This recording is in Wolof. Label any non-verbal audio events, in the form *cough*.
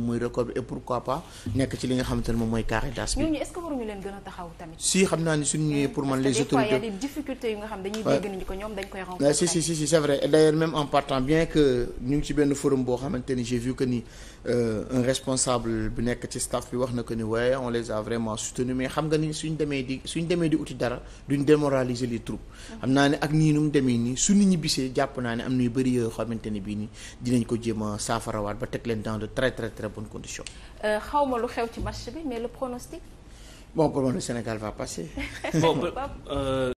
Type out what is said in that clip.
moom record bi et pourquoi pas nekk ci li nga xamante ne moom mooy bi. ñooñu a taxaw tamit. si xam naa ni suñu ñëwee pour man les autorités. yu nga xam dañuy dégg ni ko ñoom dañ koy rencontrer. si euh, bu nekk ci staff bi wax na que ni waaye on les a vraiment soutenus mais xam nga ni suñ demee di suñ demee di uti dara duñ démoraliser les troupes. Mm-hmm. xam naa ne ak nii nu mu demee nii su nit ñi jàpp naa ne am na yu bëri bii nii dinañ ko jéem a saafarawaat ba teg leen bonnes conditions. Euh, xaw ma lu xew ci match bi mais le pronostic. bon pour moi le Sénégal va passer. bon *laughs* euh,